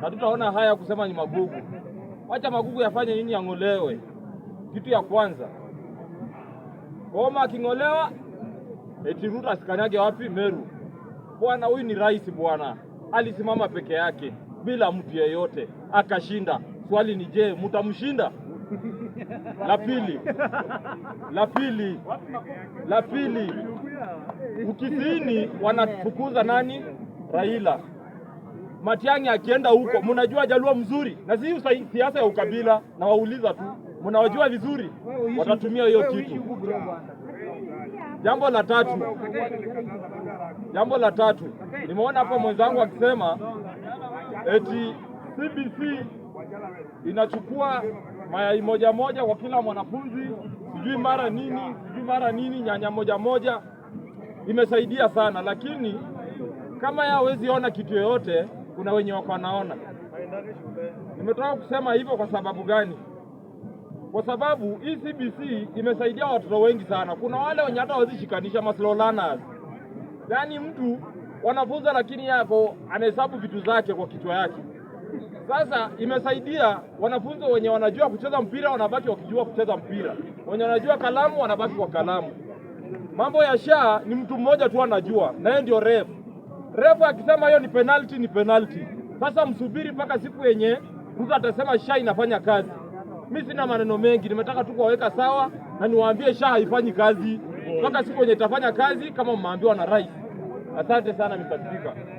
hatutaona haya kusema ni magugu. Wacha magugu yafanye nini? Yang'olewe kitu ya kwanza. Koma aking'olewa eti Ruto asikanyage wapi? Meru. Bwana huyu ni rais bwana, alisimama peke yake bila mtu yeyote akashinda. Swali ni je, mutamshinda? La pili, la pili, la pili, ukisini wanatukuza nani? Raila. Matiang'i akienda huko, mnajua Jaluo mzuri, na si siasa ya ukabila, na wauliza tu, mnawajua vizuri, watatumia hiyo kitu. Jambo la tatu, jambo la tatu, nimeona hapa mwenzangu akisema eti CBC inachukua mayai moja moja kwa kila mwanafunzi, sijui mara nini, sijui mara nini, nyanya moja moja imesaidia sana, lakini kama yeye hawezi ona kitu yoyote kuna wenye wako wanaona. Nimetaka kusema hivyo kwa sababu gani? Kwa sababu hii e CBC imesaidia watoto wengi sana. Kuna wale wenye hata wazishikanisha maslow learners, yaani mtu wanafunza lakini yako anahesabu vitu zake kwa kichwa yake. Sasa imesaidia wanafunzi wenye wanajua kucheza mpira wanabaki wakijua kucheza mpira, wenye wanajua kalamu wanabaki kwa kalamu. Mambo ya shaa ni mtu mmoja tu anajua, na yeye ndio refu Refa akisema hiyo ni penalti, ni penalti. Sasa msubiri mpaka siku yenye mtu atasema sha inafanya kazi. Mi sina maneno mengi, nimetaka tu kuwaweka sawa na niwaambie sha haifanyi kazi mpaka siku yenye itafanya kazi, kama mmeambiwa na rais. Asante sana, mipasifika.